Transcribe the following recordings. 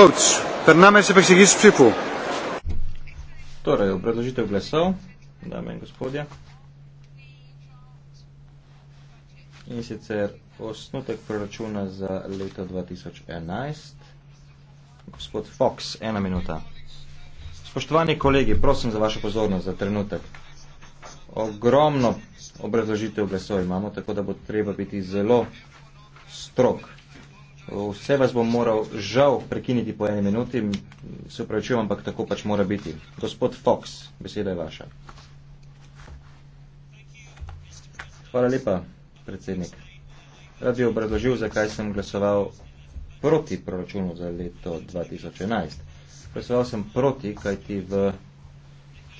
votes. Περνάμε στι επεξηγήσει ψήφου. Τώρα, ο προεδρογείτε γλεσσό. Δάμε, γκοσπόδια. In sicer osnutek proračuna za leto 2011. Gospod Fox, ena minuta. Spoštovani kolegi, prosim za vašo pozornost za trenutek. Ogromno obrazložitev glasov imamo, tako da bo treba biti zelo strok. Vse vas bom moral žal prekiniti po eni minuti, se upravičujem, ampak tako pač mora biti. Gospod Fox, beseda je vaša. Hvala lepa, predsednik. Rad bi obrazložil, zakaj sem glasoval proti proračunu za leto 2011. Glasoval sem proti, kajti v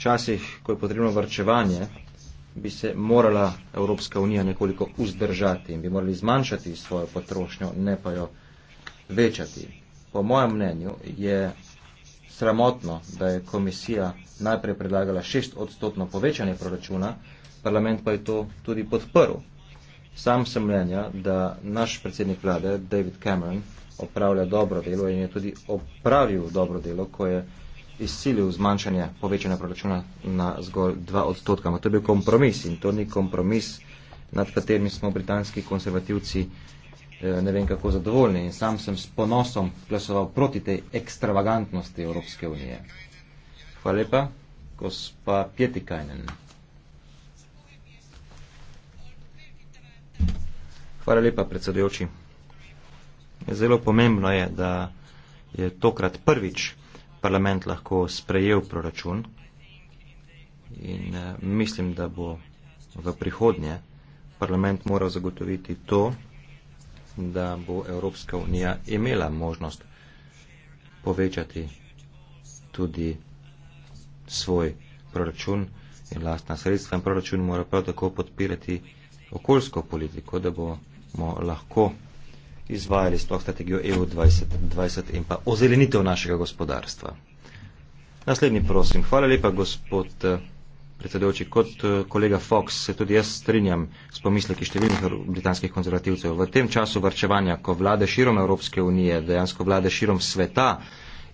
časih, ko je potrebno vrčevanje, bi se morala Evropska unija nekoliko vzdržati in bi morali zmanjšati svojo potrošnjo, ne pa jo večati. Po mojem mnenju je sramotno, da je komisija najprej predlagala šest odstotno povečanje proračuna, parlament pa je to tudi podprl. Sam sem mnenja, da naš predsednik vlade David Cameron opravlja dobro delo in je tudi opravil dobro delo, ko je izsilil zmanjšanje povečanja proračuna na zgolj 2 odstotka. To je bil kompromis in to ni kompromis, nad katerim smo britanski konservativci eh, ne vem kako zadovoljni. In sam sem s ponosom glasoval proti tej ekstravagantnosti Evropske unije. Hvala lepa, gospa Pietikajnen. Hvala lepa, predsedujoči. Zelo pomembno je, da je tokrat prvič parlament lahko sprejel proračun in eh, mislim, da bo v prihodnje parlament moral zagotoviti to, da bo Evropska unija imela možnost povečati tudi svoj proračun in lastna sredstva in proračun mora prav tako podpirati okoljsko politiko, da bomo lahko izvajali sploh strategijo EU 2020 in pa ozelenitev našega gospodarstva. Naslednji prosim. Hvala lepa, gospod eh, predsedujoči. Kot eh, kolega Fox se tudi jaz strinjam s pomisleki številnih britanskih konzervativcev. V tem času vrčevanja, ko vlade širom Evropske unije, dejansko vlade širom sveta,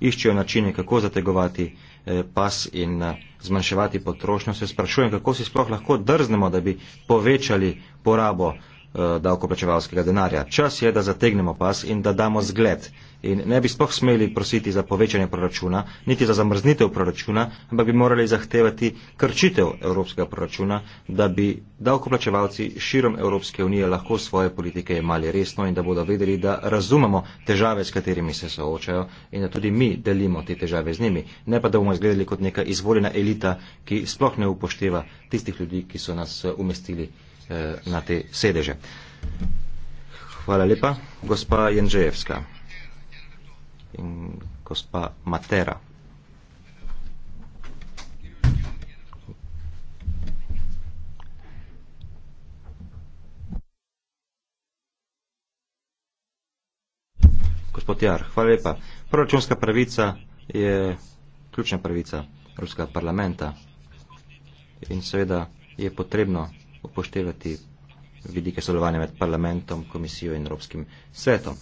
iščejo načine, kako zategovati eh, pas in zmanjševati potrošnjo, se sprašujem, kako si sploh lahko drznemo, da bi povečali porabo Eh, davkoplačevalskega denarja. Čas je, da zategnemo pas in da damo zgled. In ne bi spoh smeli prositi za povečanje proračuna, niti za zamrznitev proračuna, ampak bi morali zahtevati krčitev evropskega proračuna, da bi davkoplačevalci širom Evropske unije lahko svoje politike imali resno in da bodo vedeli, da razumemo težave, s katerimi se soočajo in da tudi mi delimo te težave z njimi. Ne pa, da bomo izgledali kot neka izvoljena elita, ki sploh ne upošteva tistih ljudi, ki so nas eh, umestili. Eh, na te sedeže. Hvala lepa, gospa Jendžejevska in gospa Matera. Gospod Jar, hvala lepa. Proračunska pravica je ključna pravica Ruskega parlamenta in seveda je potrebno upoštevati vidike sodelovanja med parlamentom, komisijo in Evropskim svetom.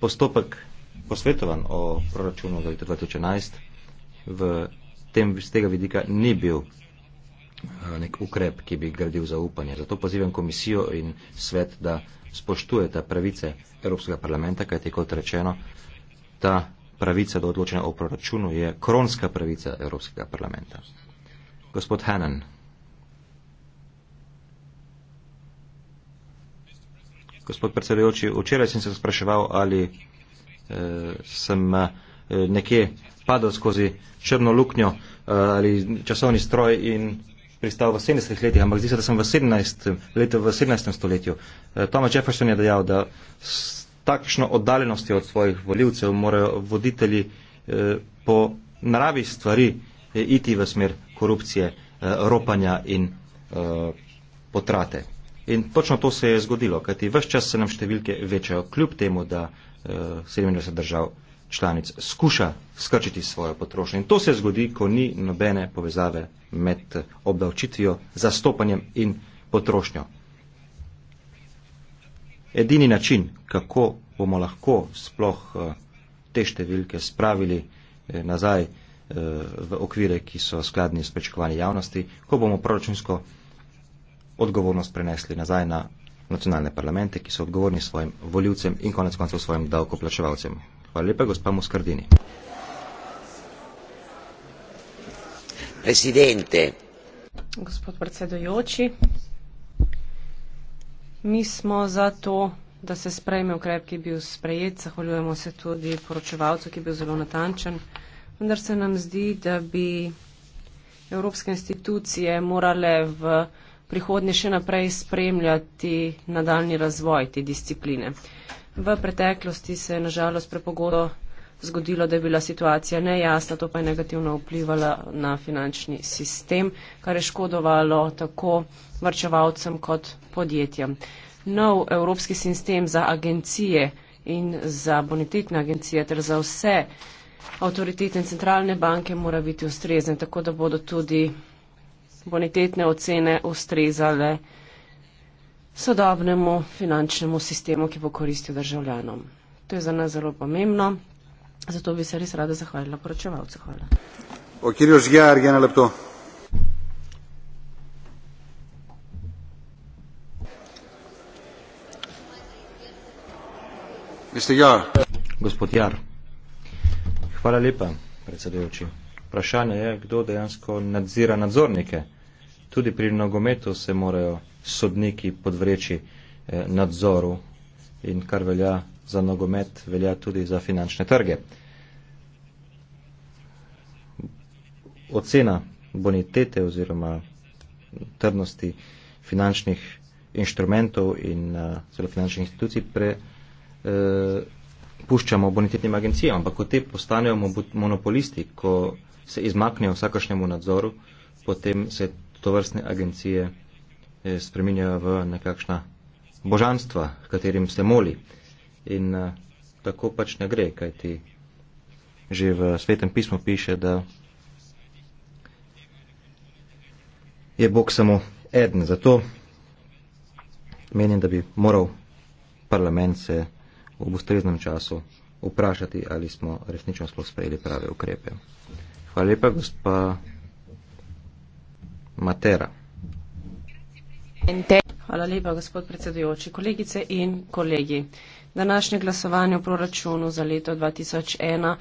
Postopek posvetovan o proračunu za leto 2011 v tem z tega vidika ni bil eh, nek ukrep, ki bi gradil zaupanje. Zato pozivam komisijo in svet, da spoštujete pravice Evropskega parlamenta, kajti kot rečeno, ta pravica do odločanja o proračunu je kronska pravica Evropskega parlamenta. Gospod Hanan, Gospod predsedujoči, včeraj sem se spraševal, ali e, sem e, nekje padel skozi črno luknjo e, ali časovni stroj in pristal v 70 letih, ampak zdi se, da sem v 17, let, v 17. stoletju. E, Thomas Jefferson je dejal, da s takšno oddaljenostjo od svojih voljivcev morajo voditelji e, po naravi stvari e, iti v smer korupcije, e, ropanja in e, potrate. In točno to se je zgodilo, kajti vse čas se nam številke večajo, kljub temu, da eh, 27 držav članic skuša skrčiti svojo potrošnjo. In to se zgodi, ko ni nobene povezave med eh, obdavčitvijo, zastopanjem in potrošnjo. Edini način, kako bomo lahko sploh eh, te številke spravili eh, nazaj v okvire, ki so skladni s pričakovanji javnosti, ko bomo proračunsko odgovornost prenesli nazaj na nacionalne parlamente, ki so odgovorni svojim voljivcem in konec koncev svojim davkoplačevalcem. Hvala lepa, gospa Muskardini. Presidente. Gospod predsedujoči, mi smo za to, da se sprejme ukrep, ki je bil sprejet, zahvaljujemo se tudi poročevalcu, ki je bil zelo natančen, vendar se nam zdi, da bi evropske institucije morale v prihodnje še naprej spremljati nadaljni razvoj te discipline. V preteklosti se je nažalost prepogodo zgodilo, da je bila situacija nejasna, to pa je negativno vplivalo na finančni sistem, kar je škodovalo tako vrčevalcem kot podjetjem. Nov evropski sistem za agencije in za bonitetne agencije ter za vse avtoritetne centralne banke mora biti ustrezen, tako da bodo tudi bonitetne ocene ustrezale sodobnemu finančnemu sistemu, ki bo koristil državljanom. To je za nas zelo pomembno, zato bi se res rada zahvalila poročevalcu. Hvala. Gospod Jar, hvala lepa, predsedujoči. Vprašanje je, kdo dejansko nadzira nadzornike tudi pri nogometu se morajo sodniki podvreči eh, nadzoru in kar velja za nogomet, velja tudi za finančne trge. Ocena bonitete oziroma trdnosti finančnih inštrumentov in uh, celo finančnih institucij pre, uh, puščamo bonitetnim agencijam, ampak ko te postanejo monopolisti, ko se izmaknejo vsakašnjemu nadzoru, potem se tovrstne agencije eh, spreminjajo v nekakšna božanstva, katerim se moli. In eh, tako pač ne gre, kajti že v svetem pismu piše, da je Bog samo eden. Zato menim, da bi moral parlament se v ustreznem času vprašati, ali smo resnično sploh sprejeli prave ukrepe. Hvala lepa, gospa. Matera. Hvala lepa, gospod predsedujoči. Kolegice in kolegi, današnje glasovanje o proračunu za leto 2001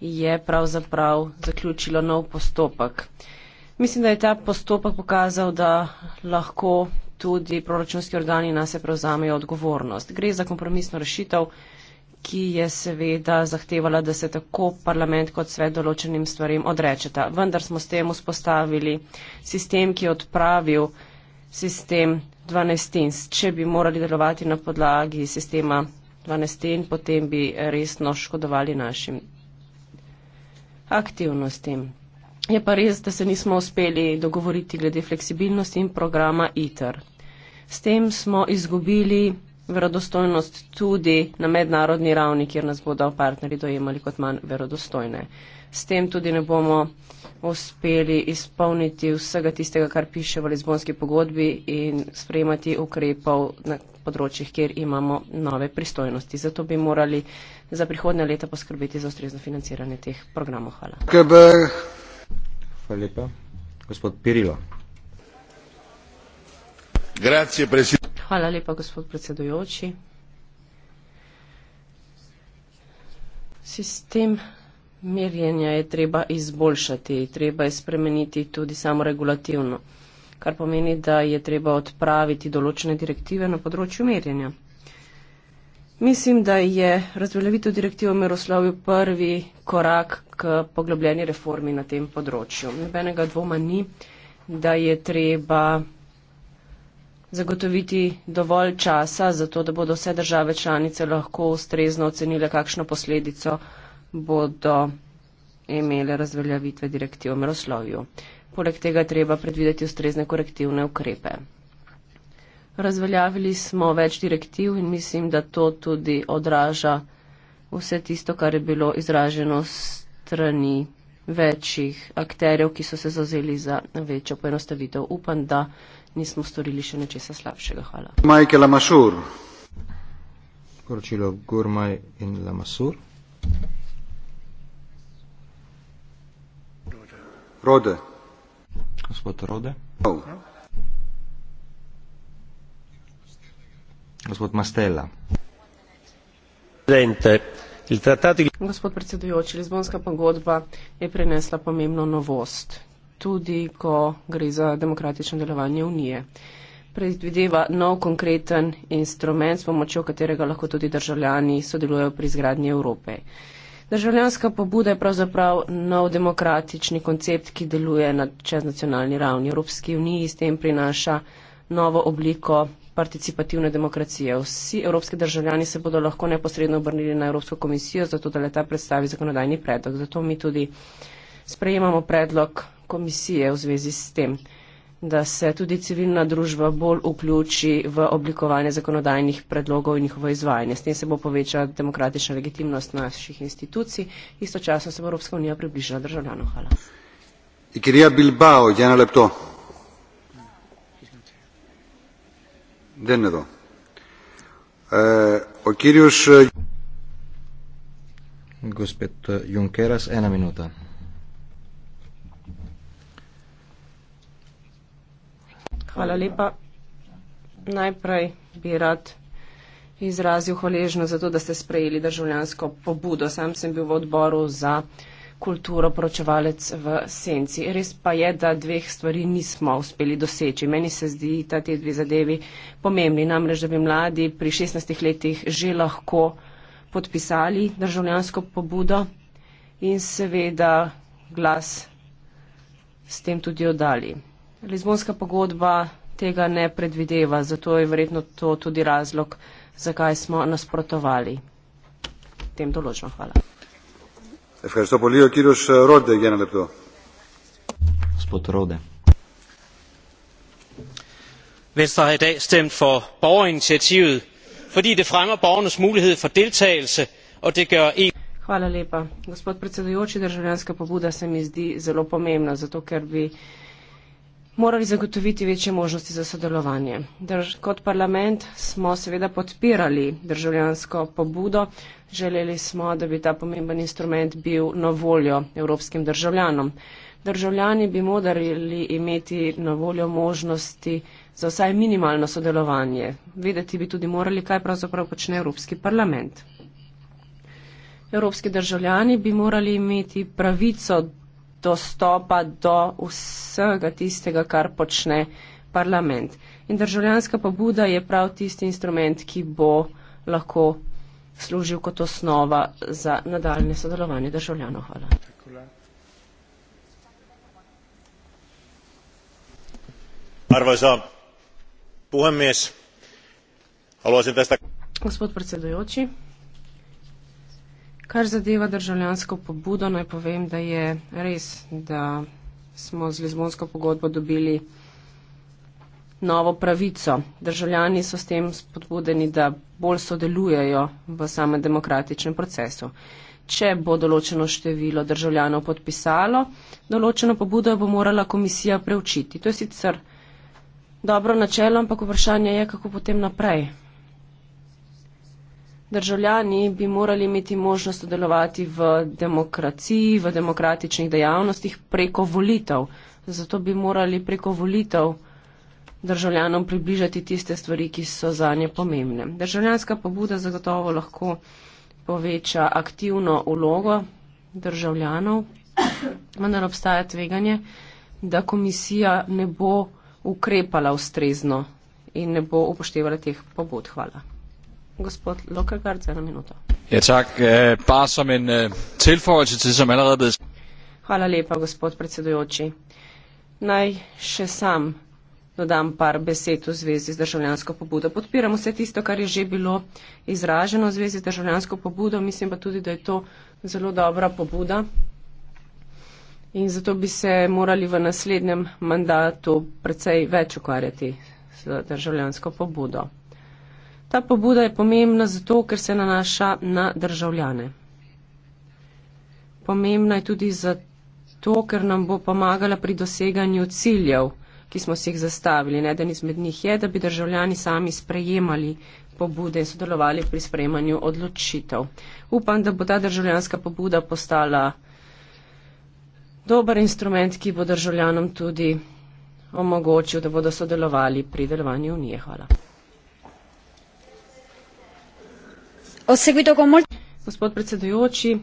je pravzaprav zaključilo nov postopek. Mislim, da je ta postopek pokazal, da lahko tudi proračunski organi nas prevzamejo odgovornost. Gre za kompromisno rešitev, ki je seveda zahtevala, da se tako parlament kot svet določenim stvarem odrečeta. Vendar smo s tem vzpostavili sistem, ki je odpravil sistem 12. Če bi morali delovati na podlagi sistema 12. potem bi resno škodovali našim aktivnostim. Je pa res, da se nismo uspeli dogovoriti glede fleksibilnosti in programa ITER. S tem smo izgubili verodostojnost tudi na mednarodni ravni, kjer nas bodo partnerji dojemali kot manj verodostojne. S tem tudi ne bomo uspeli izpolniti vsega tistega, kar piše v Lizbonski pogodbi in sprejemati ukrepov na področjih, kjer imamo nove pristojnosti. Zato bi morali za prihodne leta poskrbeti za ustrezno financiranje teh programov. Hvala. Hvala lepa. Gospod Pirilo. Grazie, Hvala lepa, gospod predsedujoči. Sistem merjenja je treba izboljšati, treba je spremeniti tudi samoregulativno, kar pomeni, da je treba odpraviti določene direktive na področju merjenja. Mislim, da je razveljavitev direktive o meroslovju prvi korak k poglobljeni reformi na tem področju. Nobenega dvoma ni, da je treba zagotoviti dovolj časa za to, da bodo vse države članice lahko ustrezno ocenile, kakšno posledico bodo imele razveljavitve direktiv o meroslovju. Poleg tega treba predvideti ustrezne korektivne ukrepe. Razveljavili smo več direktiv in mislim, da to tudi odraža vse tisto, kar je bilo izraženo strani večjih akterjev, ki so se zazeli za večjo poenostavitev. Upam, da nismo storili še nečesa slabšega. Hvala. Majke Lamašur. Poročilo Gurmaj in Lamašur. Rode. Gospod Rode. No. Gospod Mastela. Gospod predsedujoči, Lizbonska pogodba je prinesla pomembno novost tudi ko gre za demokratično delovanje unije. Predvideva nov konkreten instrument, s pomočjo katerega lahko tudi državljani sodelujejo pri izgradnji Evrope. Državljanska pobuda je pravzaprav nov demokratični koncept, ki deluje na čeznacionalni ravni. Evropski uniji s tem prinaša novo obliko participativne demokracije. Vsi evropski državljani se bodo lahko neposredno obrnili na Evropsko komisijo, zato da leta predstavi zakonodajni predlog. Zato mi tudi sprejemamo predlog komisije v zvezi s tem, da se tudi civilna družba bolj vključi v oblikovanje zakonodajnih predlogov in njihovo izvajanje. S tem se bo povečala demokratična legitimnost naših institucij, istočasno se bo Evropska unija približila državljanom. Hvala. Ikirija Bilbao, Jana Lepto. Denedo. Uh, Okirjuš. Gospod Junkeras, ena minuta. Hvala lepa. Najprej bi rad izrazil hvaležno za to, da ste sprejeli državljansko pobudo. Sam sem bil v odboru za kulturo pročevalec v senci. Res pa je, da dveh stvari nismo uspeli doseči. Meni se zdi ta te dve zadevi pomembni. Namreč, da bi mladi pri 16 letih že lahko podpisali državljansko pobudo in seveda glas s tem tudi oddali. Lizbonska pogodba tega ne predvideva, zato je verjetno to tudi razlog, zakaj smo nasprotovali tem določbam. Hvala. Eh, Venstre har i dag stemt for borgerinitiativet, fordi det fremmer borgernes mulighed for deltagelse, og det gør EU. Hvala lepa. Gospod predsedujoči, državljanska pobuda se mi zdi zelo pomembna, zato ker bi morali zagotoviti večje možnosti za sodelovanje. Drž, kot parlament smo seveda podpirali državljansko pobudo, želeli smo, da bi ta pomemben instrument bil na voljo evropskim državljanom. Državljani bi morali imeti na voljo možnosti za vsaj minimalno sodelovanje. Vedeti bi tudi morali, kaj pravzaprav počne Evropski parlament. Evropski državljani bi morali imeti pravico dostopa do vsega tistega, kar počne parlament. In državljanska pobuda je prav tisti instrument, ki bo lahko služil kot osnova za nadaljne sodelovanje državljanov. Hvala. Arvoisa puhemies, haluaisin tästä... Gospod predsedujoči. Kar zadeva državljansko pobudo, naj povem, da je res, da smo z Lizbonsko pogodbo dobili novo pravico. Državljani so s tem spodbudeni, da bolj sodelujejo v samem demokratičnem procesu. Če bo določeno število državljanov podpisalo, določeno pobudo bo morala komisija preučiti. To je sicer dobro načelo, ampak vprašanje je, kako potem naprej. Državljani bi morali imeti možnost sodelovati v demokraciji, v demokratičnih dejavnostih preko volitev. Zato bi morali preko volitev državljanom približati tiste stvari, ki so za nje pomembne. Državljanska pobuda zagotovo lahko poveča aktivno ulogo državljanov, vendar obstaja tveganje, da komisija ne bo ukrepala ustrezno in ne bo upoštevala teh pobud. Hvala. Ja, eh, eh, er hvala lepa gospod predsedujoči naj še sam dodam par besed v zvezi z državljansko pobudo podpiram vse tisto kar je že bilo izraženo v zvezi z državljansko pobudo mislim pa tudi da je to zelo dobra pobuda in zato bi se morali v naslednjem mandatu precej več ukvarjati z državljansko pobudo Ta pobuda je pomembna zato, ker se nanaša na državljane. Pomembna je tudi zato, ker nam bo pomagala pri doseganju ciljev, ki smo si jih zastavili. Eden izmed njih je, da bi državljani sami sprejemali pobude in sodelovali pri sprejemanju odločitev. Upam, da bo ta državljanska pobuda postala dober instrument, ki bo državljanom tudi omogočil, da bodo sodelovali pri delovanju unije. Hvala. Gospod predsedujoči,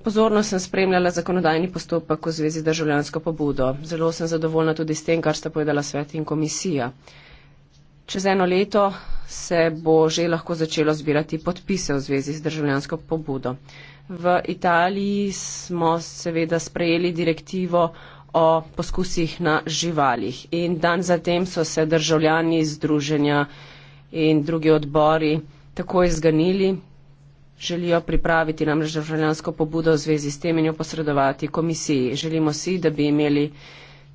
pozorno sem spremljala zakonodajni postopek v zvezi z državljansko pobudo. Zelo sem zadovoljna tudi s tem, kar sta povedala svet in komisija. Čez eno leto se bo že lahko začelo zbirati podpise v zvezi z državljansko pobudo. V Italiji smo seveda sprejeli direktivo o poskusih na živalih in dan zatem so se državljani združenja in drugi odbori takoj zganili. Želijo pripraviti namreč državljansko pobudo v zvezi s tem in jo posredovati komisiji. Želimo si, da bi imeli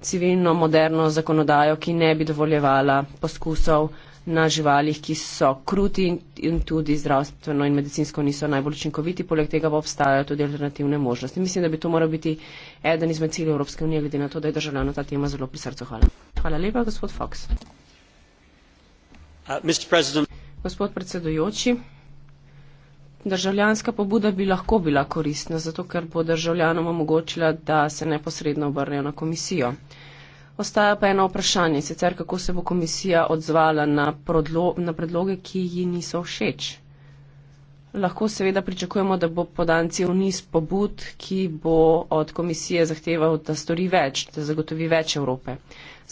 civilno moderno zakonodajo, ki ne bi dovoljevala poskusov na živalih, ki so kruti in tudi zdravstveno in medicinsko niso najbolj učinkoviti, poleg tega pa obstajajo tudi alternativne možnosti. Mislim, da bi to moral biti eden izmed ciljev Evropske unije, glede na to, da je državljano ta tema zelo pri srcu. Hvala. Hvala lepa, gospod Fox. Uh, Gospod predsedujoči, državljanska pobuda bi lahko bila koristna, zato ker bo državljanom omogočila, da se neposredno obrnejo na komisijo. Ostaja pa eno vprašanje, sicer kako se bo komisija odzvala na, na predloge, ki ji niso všeč lahko seveda pričakujemo, da bo podan cel niz pobud, ki bo od komisije zahteval, da stori več, da zagotovi več Evrope.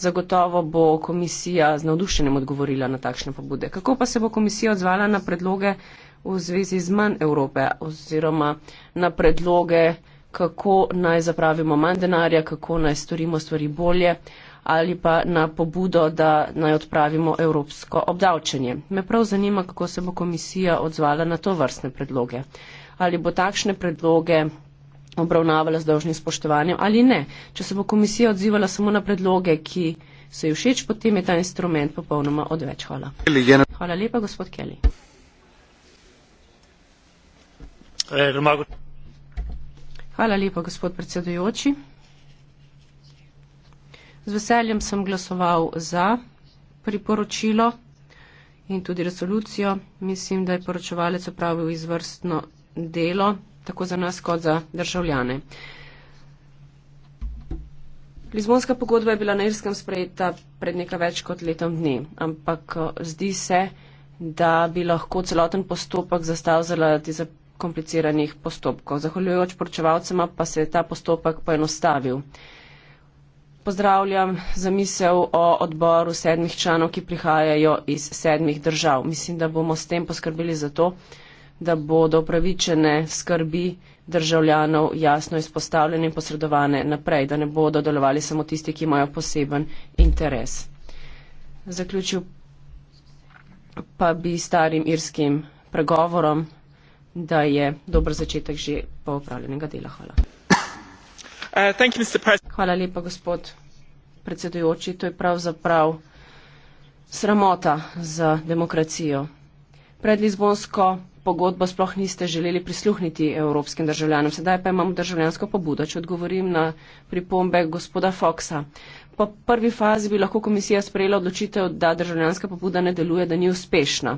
Zagotovo bo komisija z navdušenjem odgovorila na takšne pobude. Kako pa se bo komisija odzvala na predloge v zvezi z manj Evrope oziroma na predloge, kako naj zapravimo manj denarja, kako naj storimo stvari bolje? ali pa na pobudo, da naj odpravimo evropsko obdavčenje. Me prav zanima, kako se bo komisija odzvala na to vrstne predloge. Ali bo takšne predloge obravnavala z dolžnim spoštovanjem ali ne. Če se bo komisija odzivala samo na predloge, ki se ji všeč, potem je ta instrument popolnoma odveč. Hvala. Hvala lepa, gospod Kelly. Eh, Hvala lepa, gospod predsedujoči. Z veseljem sem glasoval za priporočilo in tudi resolucijo. Mislim, da je poročevalec opravil izvrstno delo, tako za nas kot za državljane. Lizbonska pogodba je bila na Irskem sprejeta pred nekaj več kot letom dni, ampak eh, zdi se, da bi lahko celoten postopek zastal zaradi zakompliciranih postopkov. Zahvaljujoč poročevalcema pa se je ta postopek poenostavil pozdravljam zamisel o odboru sedmih članov, ki prihajajo iz sedmih držav. Mislim, da bomo s tem poskrbeli za to, da bodo upravičene skrbi državljanov jasno izpostavljene in posredovane naprej, da ne bodo delovali samo tisti, ki imajo poseben interes. Zaključil pa bi starim irskim pregovorom, da je dober začetek že po opravljenega dela. Hvala. Uh, thank you, Mr. President. Hvala lepa, gospod predsedujoči. To je pravzaprav sramota za demokracijo. Pred Lizbonsko pogodbo sploh niste želeli prisluhniti evropskim državljanom. Sedaj pa imam državljansko pobudo, če odgovorim na pripombe gospoda Foxa. Po prvi fazi bi lahko komisija sprejela odločitev, da državljanska pobuda ne deluje, da ni uspešna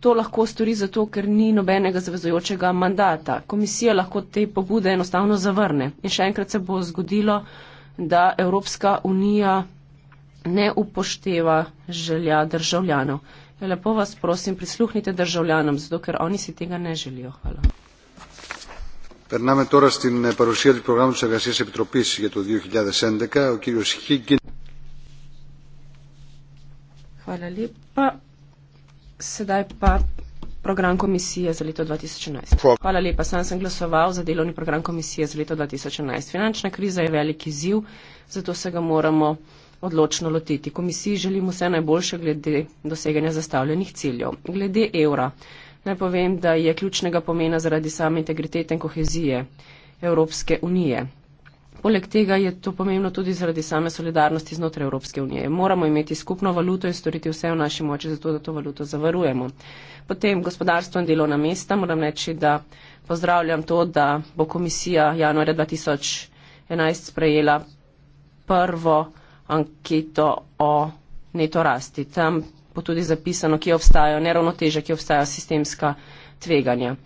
to lahko stori zato, ker ni nobenega zavezojočega mandata. Komisija lahko te pobude enostavno zavrne. In še enkrat se bo zgodilo, da Evropska unija ne upošteva želja državljanov. Ja, lepo vas prosim, prisluhnite državljanom, zato ker oni si tega ne želijo. Hvala. Per name torres την παρουσία του προγράμματος εργασίας επιτροπής για το 2011, ο κύριος Χίγκιν. Χαλαλίπα. Sedaj pa program komisije za leto 2011. Hvala lepa, sam sem glasoval za delovni program komisije za leto 2011. Finančna kriza je veliki ziv, zato se ga moramo odločno lotiti. Komisiji želimo vse najboljše glede doseganja zastavljenih ciljev. Glede evra, naj povem, da je ključnega pomena zaradi same integritete in kohezije Evropske unije. Poleg tega je to pomembno tudi zaradi same solidarnosti znotraj Evropske unije. Moramo imeti skupno valuto in storiti vse v naši moči, zato da to valuto zavarujemo. Potem gospodarstvo in delovna mesta. Moram reči, da pozdravljam to, da bo komisija januarja 2011 sprejela prvo anketo o neto rasti. Tam bo tudi zapisano, kje obstajajo neravnoteže, kje obstajajo sistemska tveganja.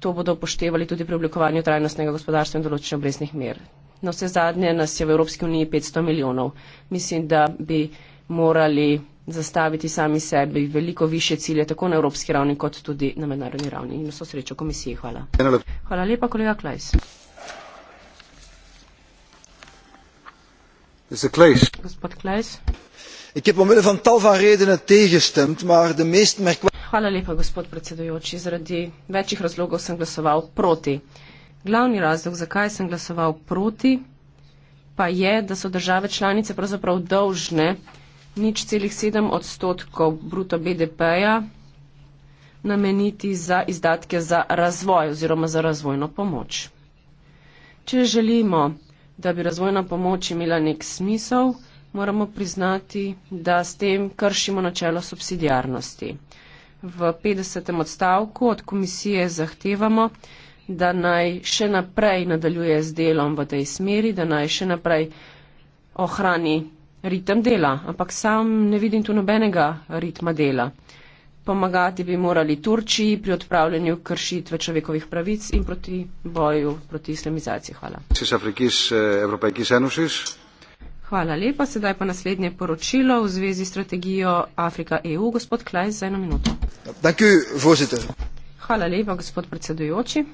To bodo upoštevali tudi pri oblikovanju trajnostnega gospodarstva in določenih obresnih mer na vse zadnje nas je v Evropski uniji 500 milijonov. Mislim, da bi morali zastaviti sami sebi veliko više cilje, tako na evropski ravni, kot tudi na mednarodni ravni. In vso srečo komisiji. Hvala. Hvala lepa, kolega Klajs. Hvala lepa, gospod predsedujoči. Zaradi večjih razlogov sem glasoval proti glavni razlog, zakaj sem glasoval proti, pa je, da so države članice pravzaprav dolžne nič celih sedem odstotkov bruto BDP-ja nameniti za izdatke za razvoj oziroma za razvojno pomoč. Če želimo, da bi razvojna pomoč imela nek smisel, moramo priznati, da s tem kršimo načelo subsidijarnosti. V 50. odstavku od komisije zahtevamo, da naj še naprej nadaljuje z delom v tej smeri, da naj še naprej ohrani ritem dela, ampak sam ne vidim tu nobenega ritma dela. Pomagati bi morali Turčiji pri odpravljanju kršitve človekovih pravic in proti boju proti islamizaciji. Hvala. Eh, Hvala lepa. Sedaj pa naslednje poročilo v zvezi s strategijo Afrika-EU. Gospod Klajs, za eno minuto. Hvala lepa, gospod predsedujoči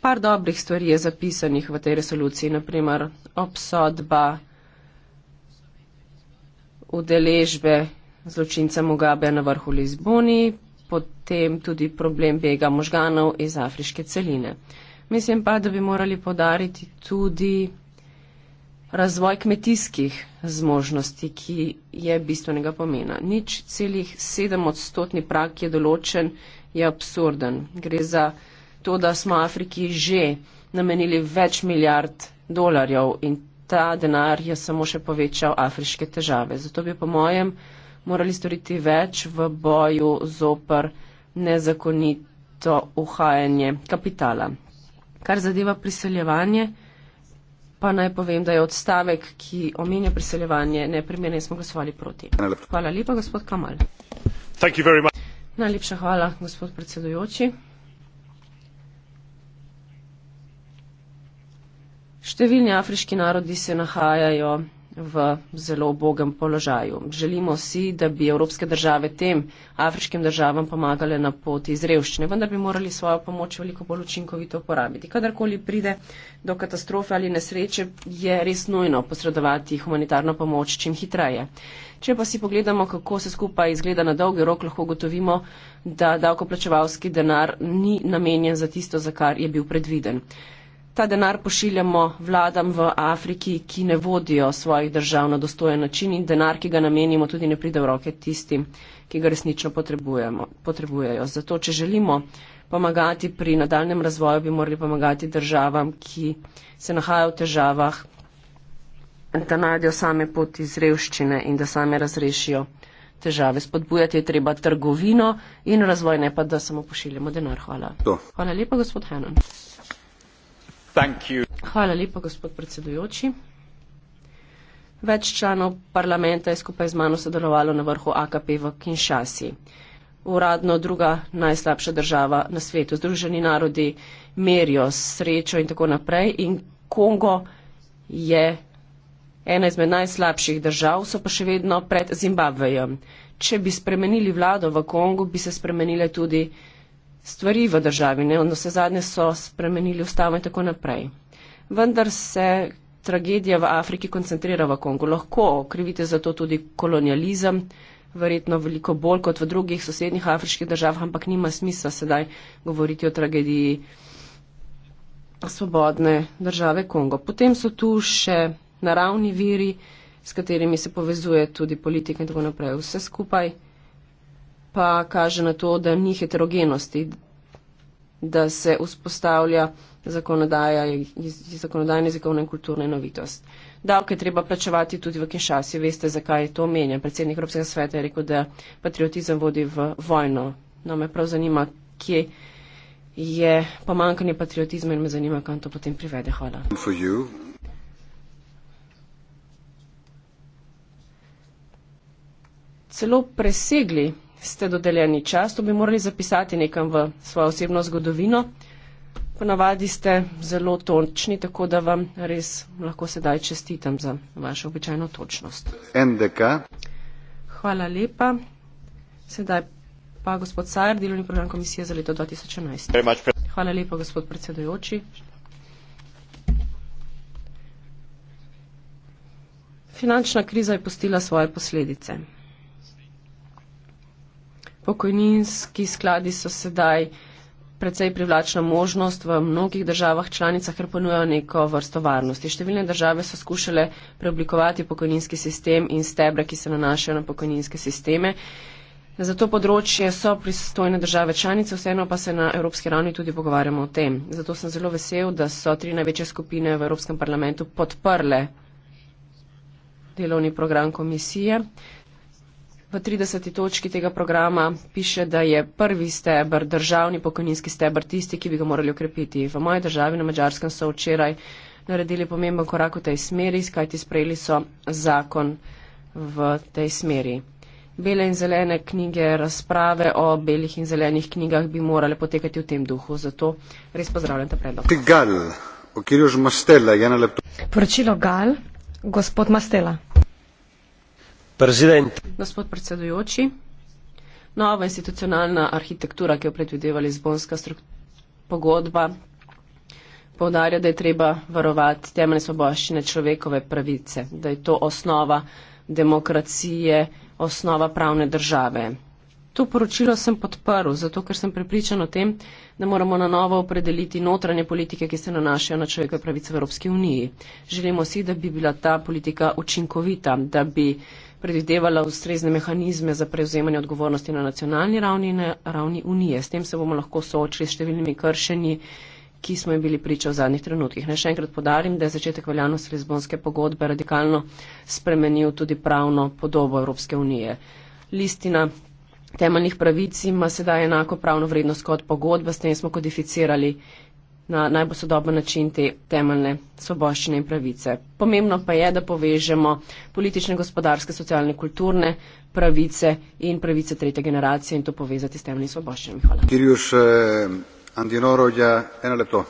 par dobrih stvari je zapisanih v tej resoluciji, naprimer obsodba udeležbe zločinca Mugabe na vrhu Lizboni, potem tudi problem bega možganov iz afriške celine. Mislim pa, da bi morali podariti tudi razvoj kmetijskih zmožnosti, ki je bistvenega pomena. Nič celih sedem odstotni prak, ki je določen, je absurden. Gre za to, da smo Afriki že namenili več milijard dolarjev in ta denar je samo še povečal afriške težave. Zato bi po mojem morali storiti več v boju zopr nezakonito uhajanje kapitala. Kar zadeva priseljevanje, pa naj povem, da je odstavek, ki omenja priseljevanje, neprimerno in smo glasovali proti. Hvala lepa, gospod Kamal. Najlepša hvala, gospod predsedujoči. Številni afriški narodi se nahajajo v zelo bogem položaju. Želimo si, da bi evropske države tem afriškim državam pomagale na poti iz revščine, vendar bi morali svojo pomoč veliko bolj učinkovito uporabiti. Kadarkoli pride do katastrofe ali nesreče, je res nujno posredovati humanitarno pomoč čim hitreje. Če pa si pogledamo, kako se skupaj izgleda na dolgi rok, lahko gotovimo, da davkoplačevalski denar ni namenjen za tisto, za kar je bil predviden ta denar pošiljamo vladam v Afriki, ki ne vodijo svojih držav na dostojen način in denar, ki ga namenimo, tudi ne pride v roke tistim, ki ga resnično potrebujejo. Zato, če želimo pomagati pri nadaljem razvoju, bi morali pomagati državam, ki se nahajajo v težavah, da najdejo same poti iz revščine in da same razrešijo težave. Spodbujati je treba trgovino in razvoj, ne pa da samo pošiljamo denar. Hvala. To. Hvala lepa, gospod Henan. Hvala lepa, gospod predsedujoči. Več članov parlamenta je skupaj z mano sodelovalo na vrhu AKP v Kinshasi. Uradno druga najslabša država na svetu. Združeni narodi merijo srečo in tako naprej. In Kongo je ena izmed najslabših držav, so pa še vedno pred Zimbabvejem. Če bi spremenili vlado v Kongu, bi se spremenile tudi stvari v državi. Ne? Na vse zadnje so spremenili ustavo in tako naprej. Vendar se tragedija v Afriki koncentrira v Kongu. Lahko krivite za to tudi kolonializem, verjetno veliko bolj kot v drugih sosednjih afriških državah, ampak nima smisla sedaj govoriti o tragediji svobodne države Kongo. Potem so tu še naravni viri, s katerimi se povezuje tudi politika in tako naprej. Vse skupaj pa kaže na to, da ni heterogenosti, da se vzpostavlja zakonodajna jezikovna in kulturna novitost. Davke treba plačevati tudi v Kinshasi. Veste, zakaj je to omenjam. Predsednik Evropskega sveta je rekel, da patriotizem vodi v vojno. No, me prav zanima, kje je pomankanje patriotizma in me zanima, kam to potem privede. Hvala. Celo presegli ste dodeljeni čas, to bi morali zapisati nekam v svojo osebno zgodovino. Ponavadi ste zelo točni, tako da vam res lahko sedaj čestitam za vašo običajno točnost. NDK. Hvala lepa. Sedaj pa gospod Sajer, delovni program komisije za leto 2011. Hvala lepa, gospod predsedujoči. Finančna kriza je postila svoje posledice. Pokojninski skladi so sedaj precej privlačna možnost v mnogih državah članicah, ker ponujajo neko vrsto varnosti. Številne države so skušale preoblikovati pokojninski sistem in stebre, ki se nanašajo na pokojninske sisteme. Za to področje so pristojne države članice, vseeno pa se na evropski ravni tudi pogovarjamo o tem. Zato sem zelo vesel, da so tri največje skupine v Evropskem parlamentu podprle delovni program komisije. 30. točki tega programa piše, da je prvi stebr, državni pokojninski stebr, tisti, ki bi ga morali ukrepiti. V moji državi na Mačarskem so včeraj naredili pomemben korak v tej smeri, skajti sprejeli so zakon v tej smeri. Bele in zelene knjige, razprave o belih in zelenih knjigah bi morale potekati v tem duhu. Zato res pozdravljam ta predlog. Gal, Poročilo Gal, gospod Mastela. President. Gospod predsedujoči, nova institucionalna arhitektura, ki jo predvideva Lizbonska pogodba, povdarja, da je treba varovati temeljne svoboščine človekove pravice, da je to osnova demokracije, osnova pravne države. To poročilo sem podprl, zato ker sem prepričan o tem, da moramo na novo opredeliti notranje politike, ki se nanašajo na človekove pravice v Evropski uniji. Želimo si, da bi bila ta politika učinkovita, da bi predvidevala ustrezne mehanizme za prevzemanje odgovornosti na nacionalni ravni in na ravni unije. S tem se bomo lahko soočili s številnimi kršenji, ki smo jim bili priča v zadnjih trenutkih. Naj še enkrat podarim, da je začetek veljavnosti Lizbonske pogodbe radikalno spremenil tudi pravno podobo Evropske unije. Listina temeljnih pravic ima sedaj enako pravno vrednost kot pogodba, s tem smo kodificirali na najbolj sodoben način te temeljne svoboščine in pravice. Pomembno pa je, da povežemo politične, gospodarske, socialne, kulturne pravice in pravice tretje generacije in to povezati s temeljnimi svoboščinami. Hvala. Kirjuš, eh, Andinorodja, eno leto.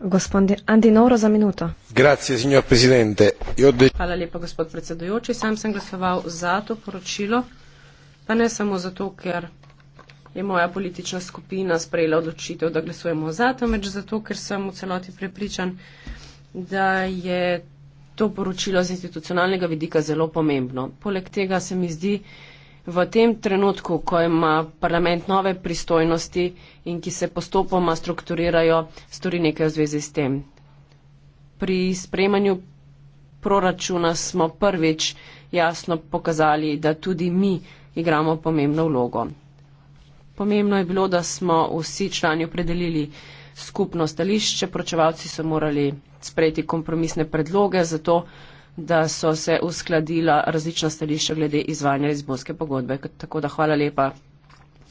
Gospod Andinoro za minuto. Grazie, signor presidente. De... Hvala lepa, gospod predsedujoči. Sam sem glasoval za to poročilo, pa ne samo zato, ker je moja politična skupina sprejela odločitev, da glasujemo za, temveč zato, ker sem v celoti prepričan, da je to poročilo z institucionalnega vidika zelo pomembno. Poleg tega se mi zdi v tem trenutku, ko ima parlament nove pristojnosti in ki se postopoma strukturirajo, stori nekaj v zvezi s tem. Pri sprejemanju proračuna smo prvič jasno pokazali, da tudi mi igramo pomembno vlogo. Pomembno je bilo, da smo vsi člani opredelili skupno stališče, pročevalci so morali sprejeti kompromisne predloge za to, da so se uskladila različna stališča glede izvajanja izbolske pogodbe. Tako da hvala lepa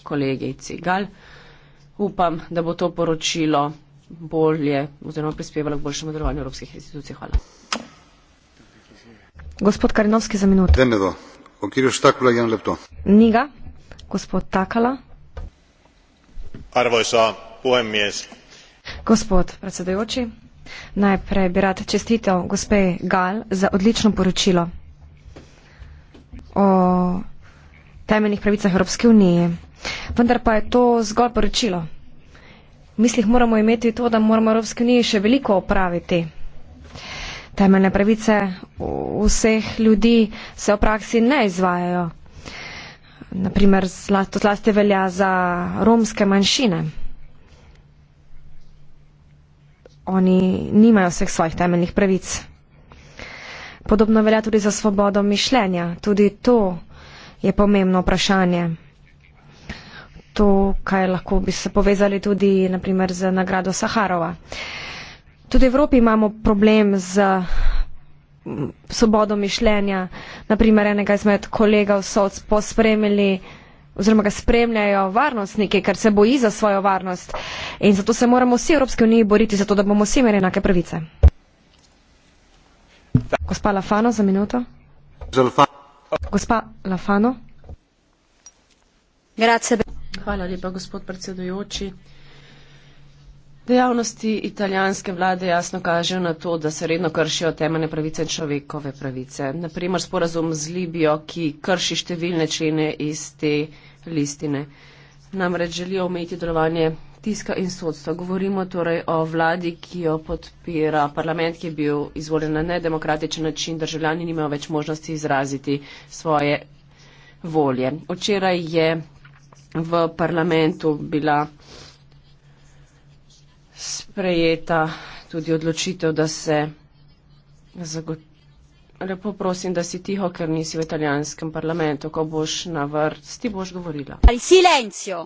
kolegici Gal. Upam, da bo to poročilo bolje oziroma prispevalo k boljšemu delovanju evropskih institucij. Hvala. Gospod Karinovski za minuto. Temedo. Okirjo štak, kolegijan lepto. Niga. Gospod Takala arvoisa puhemies gospod predsedujoči najprej bi rad čestital gospe gal za odlično poročilo o temeljnih pravicah evropske unije vendar pa je to zgolj poročilo mislih moramo imeti to da moramo evropske unije še veliko opraviti temeljne pravice vseh ljudi se v praksi ne izvajajo naprimer, to zlasti velja za romske manjšine. Oni nimajo vseh svojih temeljnih pravic. Podobno velja tudi za svobodo mišljenja. Tudi to je pomembno vprašanje. To, kaj lahko bi se povezali tudi, naprimer, z nagrado Saharova. Tudi v Evropi imamo problem z svobodo mišljenja. Naprimer, enega izmed kolegov so pospremili oziroma ga spremljajo varnostniki, ker se boji za svojo varnost. In zato se moramo vsi Evropske unije boriti, zato da bomo vsi imeli enake pravice. Gospa Lafano, za minuto. Gospa Lafano. Hvala lepa, gospod predsedujoči. Dejavnosti italijanske vlade jasno kažejo na to, da se redno kršijo temeljne pravice in človekove pravice. Naprimer, sporazum z Libijo, ki krši številne člene iz te listine. Namreč želijo umeti delovanje tiska in sodstva. Govorimo torej o vladi, ki jo podpira parlament, ki je bil izvoljen na nedemokratičen način, državljani nimajo več možnosti izraziti svoje volje. Včeraj je v parlamentu bila sprejeta tudi odločitev, da se zagotovi. Lepo prosim, da si tiho, ker nisi v italijanskem parlamentu. Ko boš na vrt, ti boš govorila. Silencio.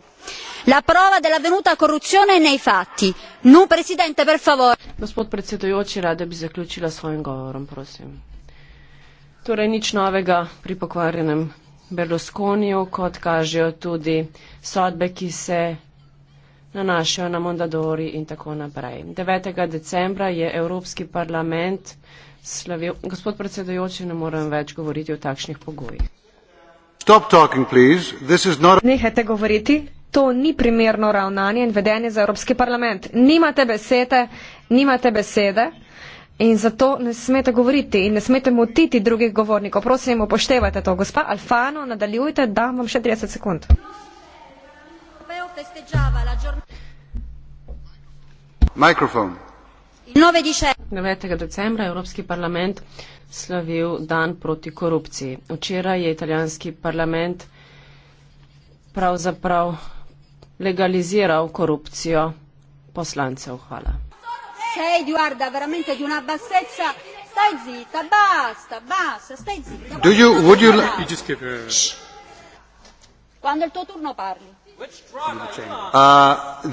La prova della venuta corruzione nei fatti. Nu, no, presidente, per favore. Gospod predsedujoči, rada bi zaključila svojim govorom, prosim. Torej, nič novega pri pokvarjenem Berlusconiju, kot kažejo tudi sodbe, ki se nanašajo na Mondadori in tako naprej. 9. decembra je Evropski parlament slavil. Gospod predsedujoči, ne morem več govoriti o takšnih pogojih. Nehajte not... govoriti. To ni primerno ravnanje in vedenje za Evropski parlament. Nimate besede, nimate besede. In zato ne smete govoriti in ne smete motiti drugih govornikov. Prosim, upoštevajte to. Gospa Alfano, nadaljujte, dam vam še 30 sekund. No festeggiava la giornata. Mikrofon. Il 9 dicembre. 9. decembra Evropski parlament slavil dan proti korupciji. Včeraj je italijanski parlament pravzaprav legaliziral korupcijo poslancev. Hvala. Sei, Eduarda, veramente di una bassezza. Stai zitta, basta, basta, stai zitta. Do you, would you like... Shh. Quando il tuo turno parli. Uh,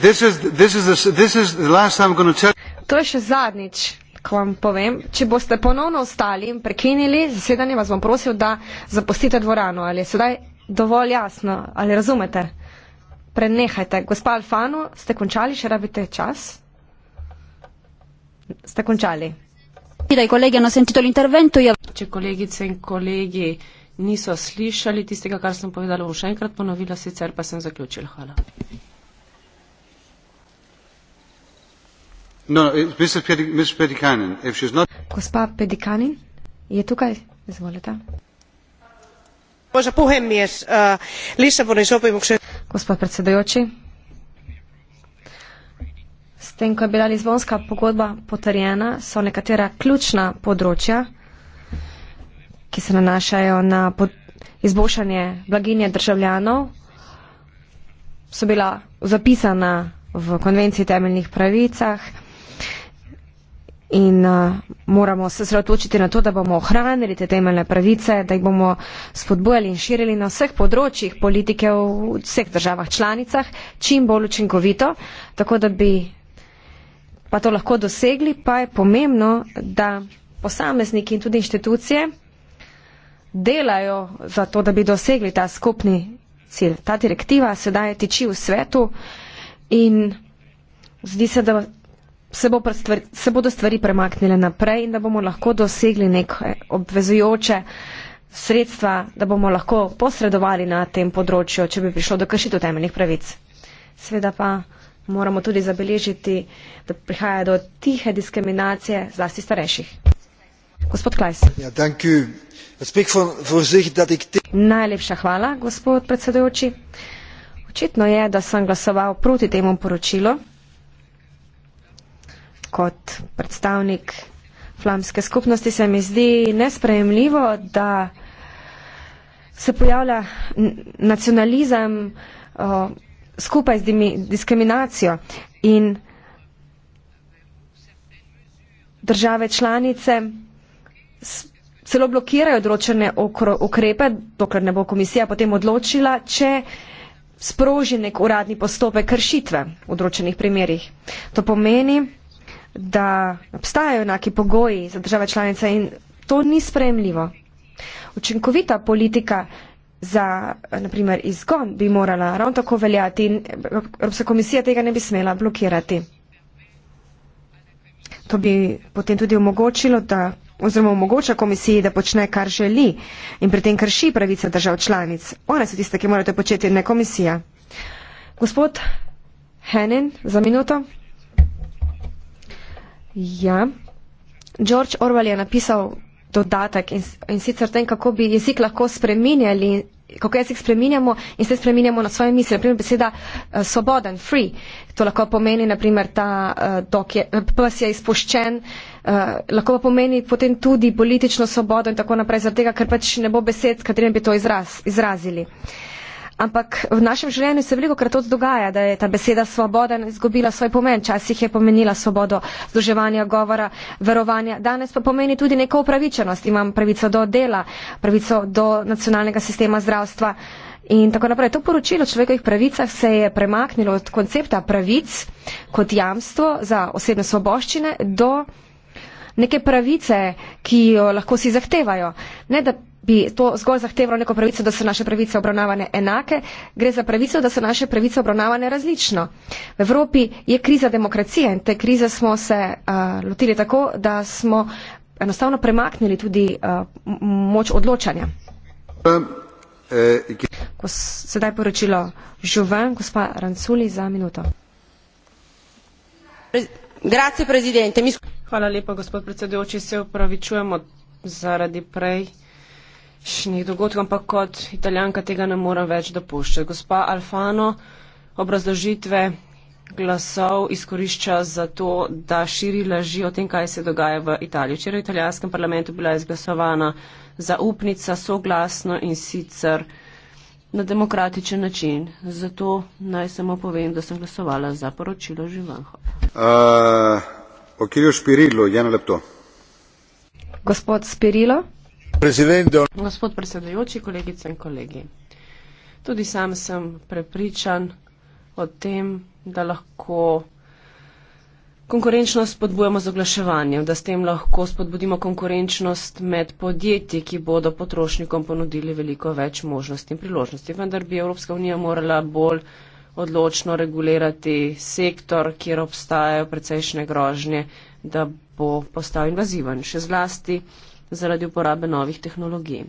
to je še zadnjič, ko vam povem. Če boste ponovno ostali in prekinili zasedanje, vas bom prosil, da zapustite dvorano. Ali je sedaj dovolj jasno? Ali razumete? Prenehajte. Gospa Alfano, ste končali, še rabite čas? Ste končali. No, ja. Če kolegice in kolegi niso slišali tistega, kar sem povedala, bom še enkrat ponovila, sicer pa sem zaključila. Hvala. No, no eh, not... Gospa Pedikanin, je tukaj? Izvolite. Äh, Gospod predsedajoči, s tem, ko je bila Lizbonska pogodba potrjena, so nekatera ključna področja ki se nanašajo na izboljšanje blaginje državljanov, so bila zapisana v konvenciji temeljnih pravicah in uh, moramo se sredotočiti na to, da bomo ohranili te temeljne pravice, da jih bomo spodbojali in širili na vseh področjih politike v vseh državah članicah, čim bolj učinkovito, tako da bi pa to lahko dosegli, pa je pomembno, da posamezniki in tudi inštitucije delajo za to, da bi dosegli ta skupni cilj. Ta direktiva sedaj tiči v svetu in zdi se, da se, bo se bodo stvari premaknile naprej in da bomo lahko dosegli neke eh, obvezujoče sredstva, da bomo lahko posredovali na tem področju, če bi prišlo do kršitev temeljnih pravic. Sveda pa moramo tudi zabeležiti, da prihaja do tihe diskriminacije zlasti starejših gospod Kleis. Ja, dank u. Voor zich dat ik te... Najlepša hvala, gospod predsedujoči. Očitno je, da sem glasoval proti temu poročilu kot predstavnik flamske skupnosti se mi zdi nesprejemljivo, da se pojavlja nacionalizem o, skupaj z diskriminacijo in države članice celo blokirajo odročene ukrepe, dokler ne bo komisija potem odločila, če sproži nek uradni postopek kršitve v odročenih primerjih. To pomeni, da obstajajo enaki pogoji za države članice in to ni sprejemljivo. Učinkovita politika za, naprimer, izgon bi morala ravno tako veljati in Evropska komisija tega ne bi smela blokirati. To bi potem tudi omogočilo, da oziroma omogoča komisiji, da počne, kar želi in pri tem krši pravice držav članic. One so tiste, ki morate početi, ne komisija. Gospod Henin, za minuto. Ja. George Orwell je napisal dodatek in, in sicer tem, kako bi jezik lahko spreminjali, kako jezik spreminjamo in se spreminjamo na svoje misli. Naprimer, beseda uh, svoboden, free. To lahko pomeni, naprimer, ta uh, dok je, eh, pes je izpuščen, uh, Eh, lahko pa pomeni potem tudi politično svobodo in tako naprej, zaradi tega, ker pač ne bo besed, s katerimi bi to izraz, izrazili. Ampak v našem življenju se veliko krat to dogaja, da je ta beseda svoboda izgubila svoj pomen. Časih je pomenila svobodo združevanja govora, verovanja. Danes pa pomeni tudi neko upravičenost. Imam pravico do dela, pravico do nacionalnega sistema zdravstva in tako naprej. To poročilo o človekovih pravicah se je premaknilo od koncepta pravic kot jamstvo za osebne svoboščine do neke pravice, ki jo lahko si zahtevajo. Ne, da bi to zgolj zahtevalo neko pravico, da so naše pravice obravnavane enake, gre za pravico, da so naše pravice obravnavane različno. V Evropi je kriza demokracije in te krize smo se uh, lotili tako, da smo enostavno premaknili tudi uh, moč odločanja. Sedaj poročilo Žuven, gospa Ranculi, za minuto. Grazie, presidente. Mi... Hvala lepa, gospod predsedujoči. Se upravičujemo zaradi prejšnjih dogodkov, ampak kot italijanka tega ne morem več dopuščati. Gospa Alfano, obrazložitve glasov izkorišča za to, da širi laži o tem, kaj se dogaja v Italiji. Včeraj v italijanskem parlamentu bila izglasovana zaupnica soglasno in sicer na demokratičen način. Zato naj samo povem, da sem glasovala za poročilo Živanho. Uh, o Kirju Špirilu, Jan Lepto. Gospod Spirilo. Gospod predsedajoči, kolegice in kolegi. Tudi sam sem prepričan o tem, da lahko Konkurenčnost spodbujamo z oglaševanjem, da s tem lahko spodbudimo konkurenčnost med podjetji, ki bodo potrošnikom ponudili veliko več možnosti in priložnosti. Vendar bi Evropska unija morala bolj odločno regulirati sektor, kjer obstajajo precejšnje grožnje, da bo postal invaziven, še zlasti zaradi uporabe novih tehnologij.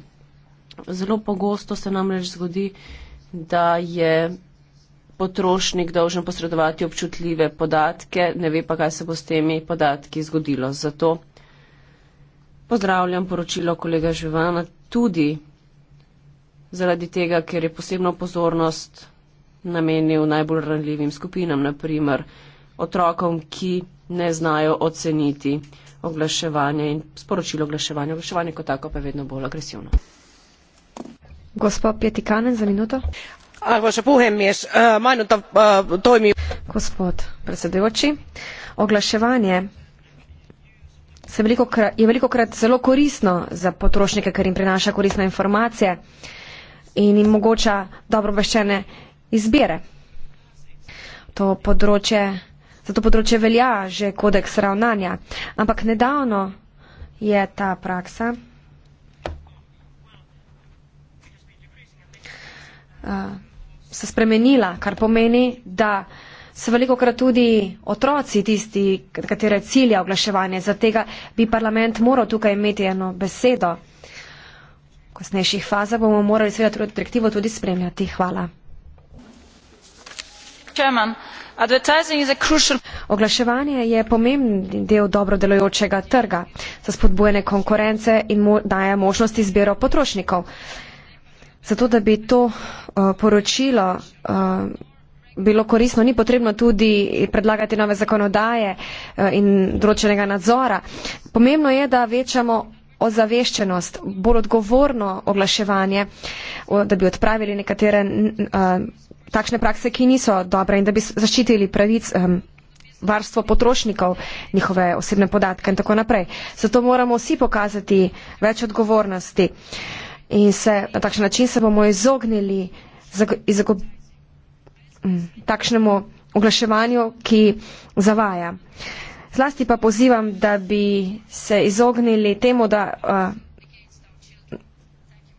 Zelo pogosto se namreč zgodi, da je potrošnik dolžen posredovati občutljive podatke, ne ve pa, kaj se bo s temi podatki zgodilo. Zato pozdravljam poročilo kolega Živana tudi zaradi tega, ker je posebno pozornost namenil najbolj ranljivim skupinam, naprimer otrokom, ki ne znajo oceniti oglaševanje in sporočilo oglaševanja. Oglaševanje kot tako pa je vedno bolj agresivno. Gospod Pjetikanen za minuto arvoisa puhemies äh, mainonta äh, toimii. gospod predsedujoči oglaševanje se velikokrat, je velikokrat zelo koristno za potrošnike ker jim prinaša koristne informacije in jim mogoča dobro obveščene izbire. To področje, za to področje velja že kodeks ravnanja, ampak nedavno je ta praksa uh, se spremenila, kar pomeni, da se veliko krat tudi otroci, tisti, katere cilja oglaševanje, za tega bi parlament moral tukaj imeti eno besedo. V kasnejših fazah bomo morali seveda tudi direktivo tudi spremljati. Hvala. German. Oglaševanje je pomembni del dobro delojočega trga za spodbujanje konkurence in mo daje možnosti izbiro potrošnikov zato da bi to uh, poročilo uh, bilo korisno, ni potrebno tudi predlagati nove zakonodaje uh, in določenega nadzora. Pomembno je, da večamo ozaveščenost, bolj odgovorno oglaševanje, da bi odpravili nekatere uh, takšne prakse, ki niso dobre in da bi zaščitili pravic, um, varstvo potrošnikov, njihove osebne podatke in tako naprej. Zato moramo vsi pokazati več odgovornosti. Uh, in se na takšen način se bomo izognili izago, mm, takšnemu oglaševanju, ki zavaja. Zlasti pa pozivam, da bi se izognili temu, da uh,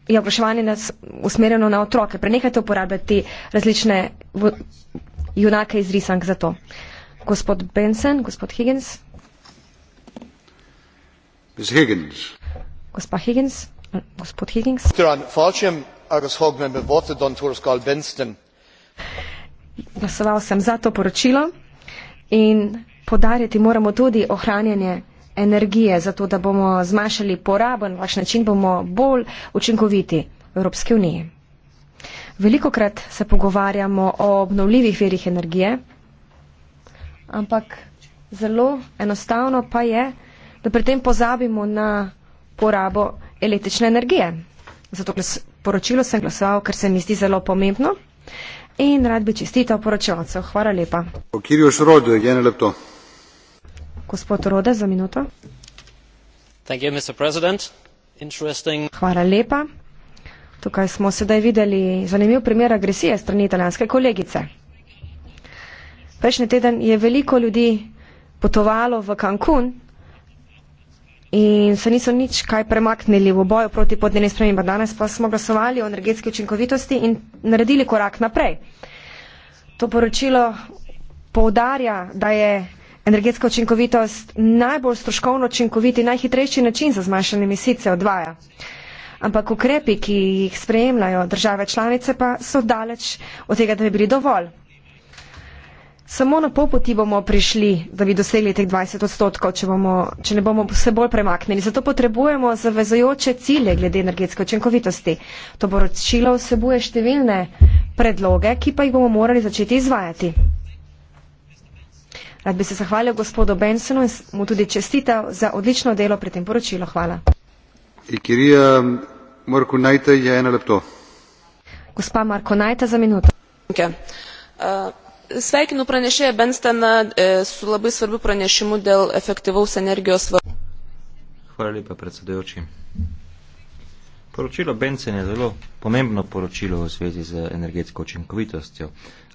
je oglaševanje nas usmerjeno na otroke. Prenehajte uporabljati različne junake iz risank za to. Gospod Benson, gospod Higgins. Ms. Higgins. Gospa Higgins glasoval sem za to poročilo in podarjati moramo tudi ohranjanje energije zato da bomo zmanjšali poraben vaš način bomo bolj učinkoviti v evropski uniji veliko krat se pogovarjamo o obnovljivih verih energije ampak zelo enostavno pa je da pri tem pozabimo na porabo električne energije. Zato poročilo sem glasoval, ker se mi zdi zelo pomembno in rad bi čestital poročevalcev. Hvala lepa. Kirjoš Rode, je ne lepto. Gospod Rode, za minuto. You, Hvala lepa. Tukaj smo sedaj videli zanimiv primer agresije strani italijanske kolegice. Prejšnji teden je veliko ljudi potovalo v Cancun in se niso nič kaj premaknili v boju proti podnebnim spremembam. Danes pa smo glasovali o energetski učinkovitosti in naredili korak naprej. To poročilo povdarja, da je energetska učinkovitost najbolj stroškovno učinkovit in najhitrejši način za zmanjšanje emisij CO2. Ampak ukrepi, ki jih spremljajo države članice, pa so daleč od tega, da bi bili dovolj. Samo na pol poti bomo prišli, da bi dosegli teh 20 odstotkov, če, bomo, če ne bomo vse bolj premaknili. Zato potrebujemo zavezojoče cilje glede energetske učinkovitosti. To poročilo vsebuje številne predloge, ki pa jih bomo morali začeti izvajati. Rad bi se zahvalil gospodu Bensonu in mu tudi čestital za odlično delo pri tem poročilu. Hvala. Ikirija e, Marko Najta je ena lepto. Gospa Marko Najta za minuto. Okay. Uh, Sveikinu pranešėją Bensteną e, su labai svarbiu pranešimu dėl efektyvaus energijos. Hvala lepa, predsedujoči. Poročilo Bensen je zelo pomembno poročilo v zvezi z energetsko učinkovitostjo.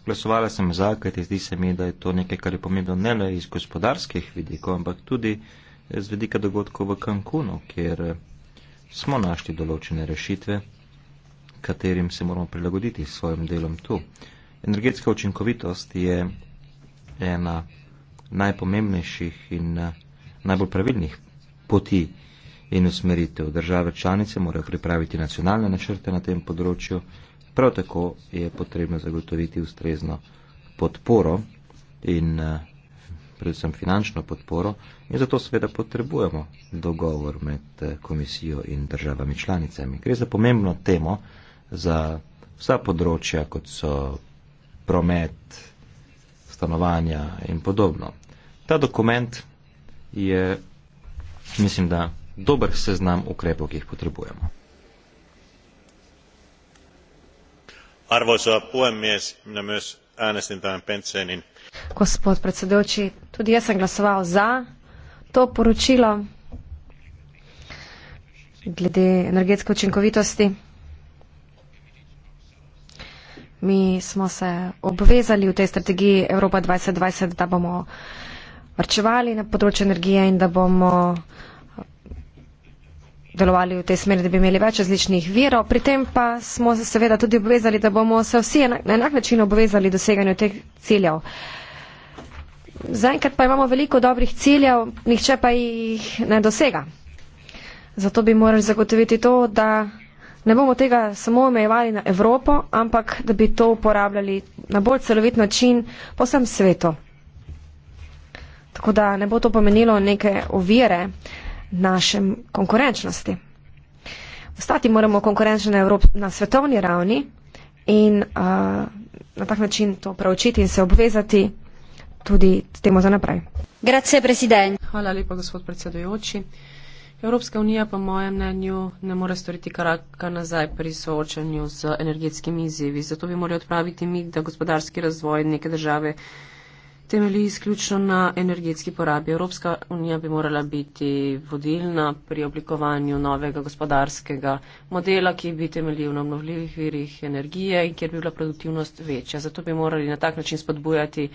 Glasovala sem za, ker zdi se mi, da je to nekaj, kar je pomembno ne le iz gospodarskih vidikov, ampak tudi z vidika dogodkov v Cancunu, kjer eh, smo našli določene rešitve, katerim se moramo prilagoditi s svojim delom tu. Energetska učinkovitost je ena najpomembnejših in eh, najbolj pravilnih poti in usmeritev. Države članice morajo pripraviti nacionalne načrte na tem področju, prav tako je potrebno zagotoviti ustrezno podporo in eh, predvsem finančno podporo in zato seveda potrebujemo dogovor med eh, komisijo in državami članicami. Gre za pomembno temo za vsa področja, kot so promet, stanovanja in podobno. Ta dokument je, mislim, da dober seznam ukrepov, ki jih potrebujemo. Arvoisa puhemies, minä myös äänestin tämän Pentsenin. Gospod predsedoči, tudi jaz sem glasoval za to poročilo glede energetske učinkovitosti. Mi smo se obvezali v tej strategiji Evropa 2020, da bomo vrčevali na področju energije in da bomo eh, delovali v tej smeri, da bi imeli več različnih virov. Pri tem pa smo se seveda tudi obvezali, da bomo se vsi na enak način obvezali doseganju teh ciljev. Zaenkrat pa imamo veliko dobrih ciljev, nihče pa jih ne dosega. Zato bi morali zagotoviti to, da ne bomo tega samo omejevali na Evropo, ampak da bi to uporabljali na bolj celovit način po vsem svetu. Tako da ne bo to pomenilo neke ovire našem konkurenčnosti. Ostati moramo konkurenčni na, Evrop na svetovni ravni in uh, na tak način to preučiti in se obvezati tudi temu za naprej. Grazie, Hvala lepa, gospod predsedujoči. Evropska unija, po mojem mnenju, ne more storiti karaka nazaj pri soočanju z energetskimi izzivi. Zato bi morali odpraviti mit, da gospodarski razvoj neke države temelji izključno na energetski porabi. Evropska unija bi morala biti vodilna pri oblikovanju novega gospodarskega modela, ki bi temeljil na obnovljivih virih energije in kjer bi bila produktivnost večja. Zato bi morali na tak način spodbujati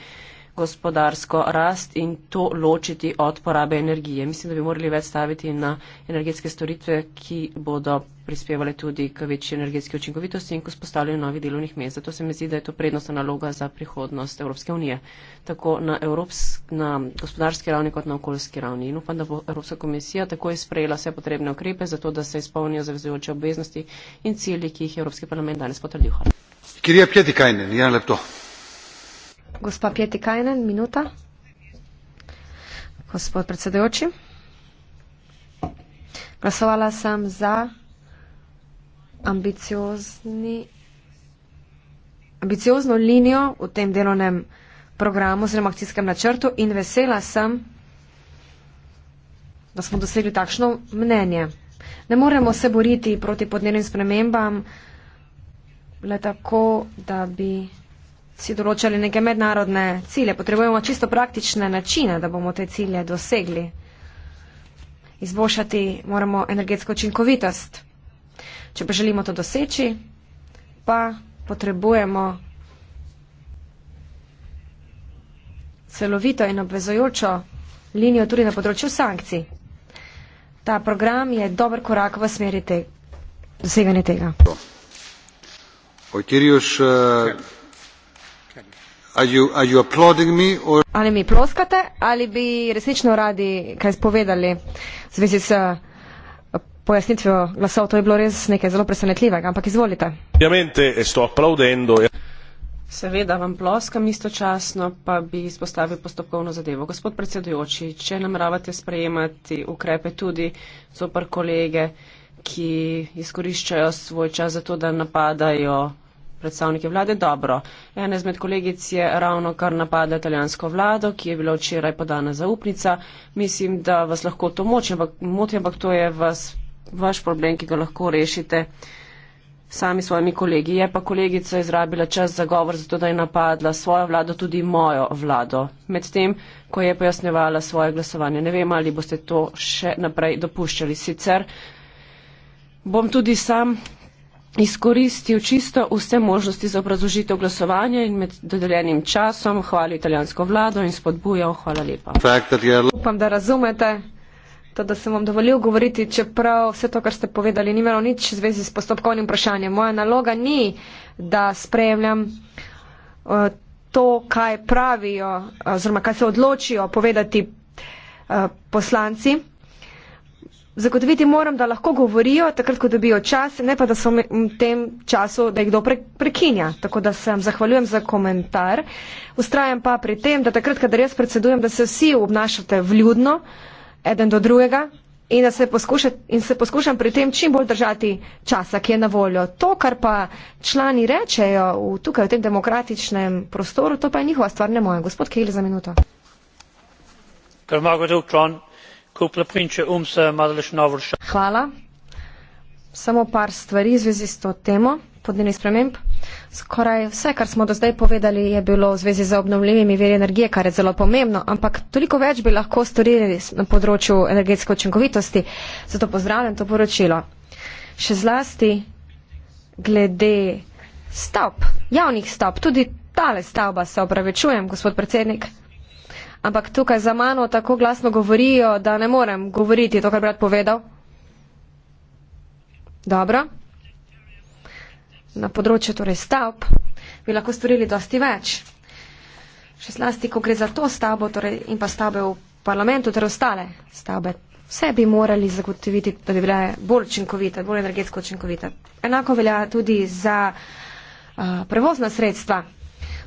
gospodarsko rast in to ločiti od porabe energije. Mislim, da bi morali več staviti na energetske storitve, ki bodo prispevali tudi k večji energetski učinkovitosti in k spostavljanju novih delovnih mest. Zato se mi zdi, da je to prednostna naloga za prihodnost Evropske unije, tako na, evropsk, na gospodarski ravni kot na okoljski ravni. In upam, da bo Evropska komisija takoj sprejela vse potrebne ukrepe za to, da se izpolnijo zavezujoče obveznosti in cilji, ki jih je Evropski parlament danes potrdil. Hvala. Gospa Pietikajnen, minuta. Gospod predsedujoči. Glasovala sem za ambiciozni, ambiciozno linijo v tem delovnem programu oziroma akcijskem načrtu in vesela sem, da smo dosegli takšno mnenje. Ne moremo se boriti proti podnebnim spremembam le tako, da bi si določali neke mednarodne cilje. Potrebujemo čisto praktične načine, da bomo te cilje dosegli. Izboljšati moramo energetsko učinkovitost. Če pa želimo to doseči, pa potrebujemo celovito in obvezojočo linijo tudi na področju sankcij. Ta program je dober korak v smeri te, doseganja tega. Ojtirjuš, uh... Eh, Ali mi ploskate ali bi resnično radi kaj spovedali v zvezi s eh, pojasnitvijo glasov? To je bilo res nekaj zelo presenetljivega, ampak izvolite. Eh. Seveda vam ploskam, istočasno pa bi izpostavil postopkovno zadevo. Gospod predsedujoči, če nameravate sprejemati ukrepe tudi zopr kolege, ki izkoriščajo svoj čas za to, da napadajo predstavniki vlade dobro. Ena izmed kolegic je ravno kar napadla italijansko vlado, ki je bila včeraj podana zaupnica. Mislim, da vas lahko to moti, ampak to je vas, vaš problem, ki ga lahko rešite sami s svojimi kolegi. Je pa kolegica izrabila čas za govor, zato da je napadla svojo vlado, tudi mojo vlado, medtem, ko je pojasnjevala svoje glasovanje. Ne vem, ali boste to še naprej dopuščali. Sicer bom tudi sam izkoristil čisto vse možnosti za obrazložitev glasovanja in med dodeljenim časom hvalil italijansko vlado in spodbujal. Hvala lepa. Upam, da razumete, to, da sem vam dovolil govoriti, čeprav vse to, kar ste povedali, ni imelo nič v zvezi s postopkovnim vprašanjem. Moja naloga ni, da spremljam eh, to, kaj pravijo eh, oziroma kaj se odločijo povedati eh, poslanci. Zagotoviti moram, da lahko govorijo takrat, ko dobijo čas, ne pa da so v tem času, da jih kdo prekinja. Tako da se vam zahvaljujem za komentar. Ustrajam pa pri tem, da takrat, kadar jaz predsedujem, da se vsi obnašate vljudno, eden do drugega in da se, in se poskušam pri tem čim bolj držati časa, ki je na voljo. To, kar pa člani rečejo v, tukaj v tem demokratičnem prostoru, to pa je njihova stvar, ne moja. Gospod Kejl za minuto. Ker Margaret O'Tron, Hvala. Samo par stvari v zvezi s to temo podnebnih sprememb. Skoraj vse, kar smo do zdaj povedali, je bilo v zvezi z obnovljivimi veri energije, kar je zelo pomembno, ampak toliko več bi lahko storili na področju energetske učinkovitosti. Zato pozdravljam to poročilo. Še zlasti glede stavb, javnih stavb, tudi tale stavba se opravičujem, gospod predsednik ampak tukaj za mano tako glasno govorijo, da ne morem govoriti to, kar brat povedal. Dobro. Na področju torej stavb bi lahko storili dosti več. Še slasti, ko gre za to stavbo torej, in pa stavbe v parlamentu ter ostale stavbe. Vse bi morali zagotoviti, da bi bile bolj učinkovite, bolj energetsko učinkovite. Enako velja tudi za uh, prevozna sredstva.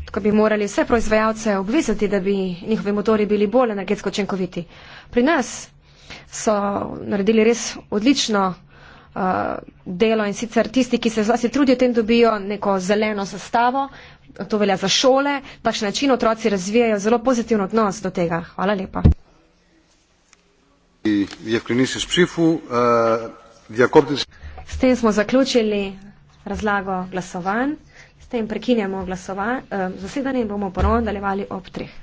Tukaj bi morali vse proizvajalce obvezati, da bi njihovi motori bili bolj energetsko učinkoviti. Pri nas so naredili res odlično uh, delo in sicer tisti, ki se zase trudijo tem, dobijo neko zeleno zastavo, to velja za šole, takšen način otroci razvijajo zelo pozitivno odnos do tega. Hvala lepa. S tem smo zaključili razlago glasovanj. S tem prekinjamo glasova, eh, zasedanje bomo ponovno nadaljevali ob treh.